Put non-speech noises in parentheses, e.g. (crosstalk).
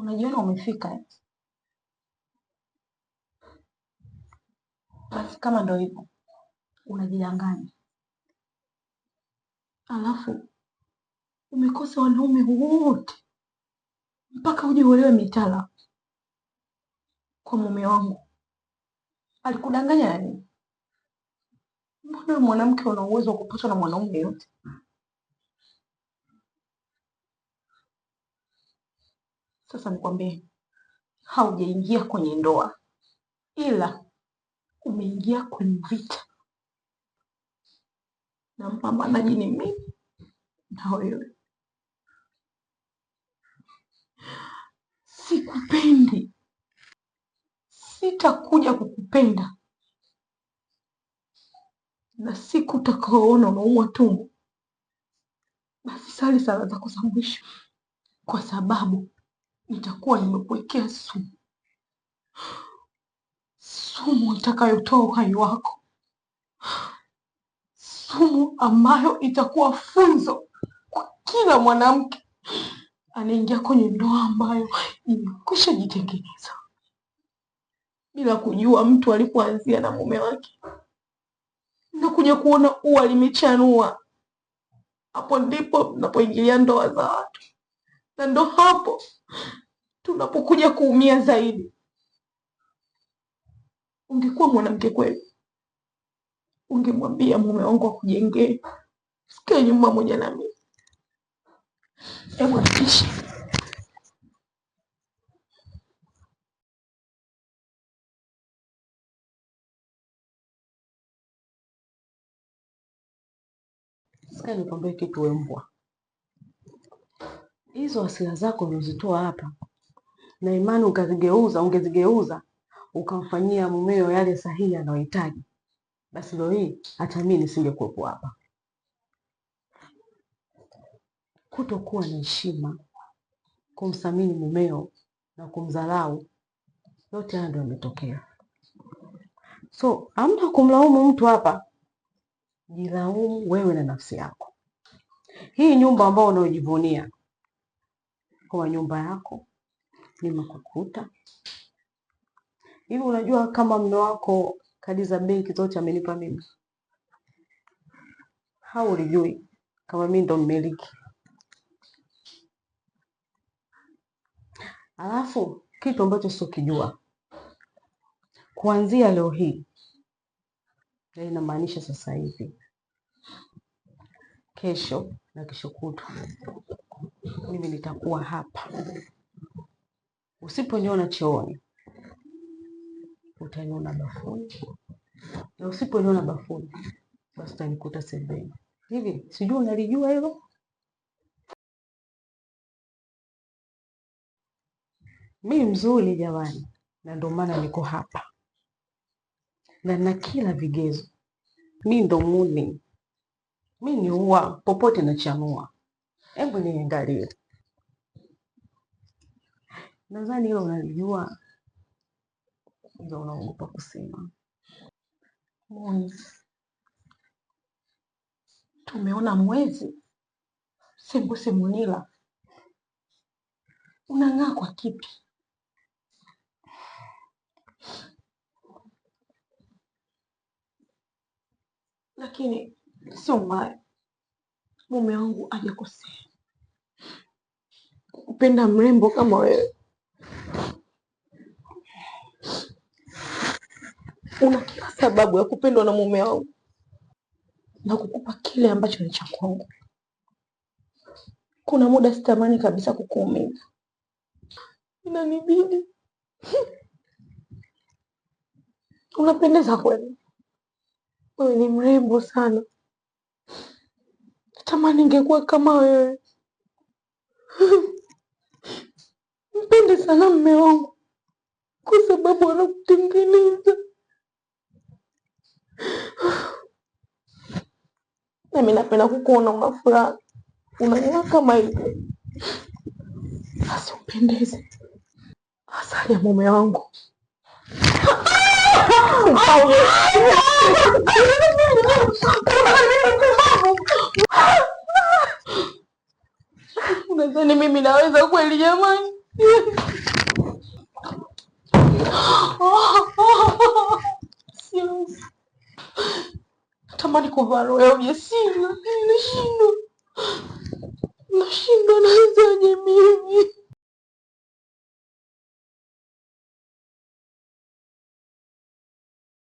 unajiona umefika eh? Basi kama ndo hivyo unajidanganya, alafu umekosa wanaume wote mpaka uje uelewe mitala kwa mume wangu alikudanganya nani? Mbona mwanamke una uwezo wa kupatwa na mwanaume yote? Sasa nikwambie, haujaingia kwenye ndoa, ila umeingia kwenye vita na mpambanaji ni mimi na wewe. Sikupendi, sitakuja kukupenda na siku utakaoona unaumwa tumbo, basi sali sala zako za mwisho, kwa sababu nitakuwa nimekuwekea sumu, sumu itakayotoa uhai wako, sumu ambayo itakuwa funzo kwa kila mwanamke anaingia kwenye ndoa ambayo imekwisha jitengeneza bila kujua mtu alipoanzia na mume wake na kuja kuona ua limechanua. Hapo ndipo napoingilia ndoa za watu, na ndo hapo unapokuja kuumia zaidi. Ungekuwa mwanamke kweli, ungemwambia mume wangu akujengee, sikae nyuma moja nami. Hebu hakikisha Sikia nikwambie kitu we mbwa, hizo hasira zako ulizitoa hapa na imani ukazigeuza, ungezigeuza ukamfanyia mumeo yale sahihi anayohitaji, basi leo hii hata mimi nisingekuwepo hapa. Kutokuwa na heshima, kumsamini mumeo na kumdharau, yote haya ndio yametokea. So amna kumlaumu mtu hapa, jilaumu wewe na nafsi yako. Hii nyumba ambayo unaojivunia kuwa nyumba yako kupima kukuta Hivi unajua kama mme wako kadi za benki zote amenipa mimi? Hao ulijui kama mimi ndo mmiliki? Alafu kitu ambacho kijua kuanzia leo hii, inamaanisha sasa hivi, kesho na kesho kutwa, mimi nitakuwa hapa Usiponiona chooni utaniona bafuni, na usiponiona bafuni basi utanikuta sebeni. Hivi sijui unalijua hilo mi mzuri jamani, na ndio maana niko hapa na na kila vigezo. Mi ndo muni, mi ni ua popote nachanua. Hebu niangalie Nadhani hilo unalijua, ndio unaogopa kusema. tumeona mwezi, sembuse munila, unang'aa kwa kipi? Lakini sio mbaya, mume wangu ajakosea kupenda mrembo kama wewe. una kila sababu ya kupendwa na mume wangu na kukupa kile ambacho ni cha kwangu. Kuna muda sitamani kabisa kukuumiza, inanibidi. Unapendeza kweli, wewe ni mrembo sana, tamani ingekuwa kama wewe. Mpende sana mume wangu, kwa sababu anakutengeneza Nami (sighs) napenda kukuona una furaha, unang'aa kama hivyo, basi upendeze. Asali ya mume wangu Unadhani mimi naweza kweli jamani? (laughs) Oh, oh, oh, natamani kuvaa royal jasiri, nashindwa, nashindwa. Nawezaje mimi?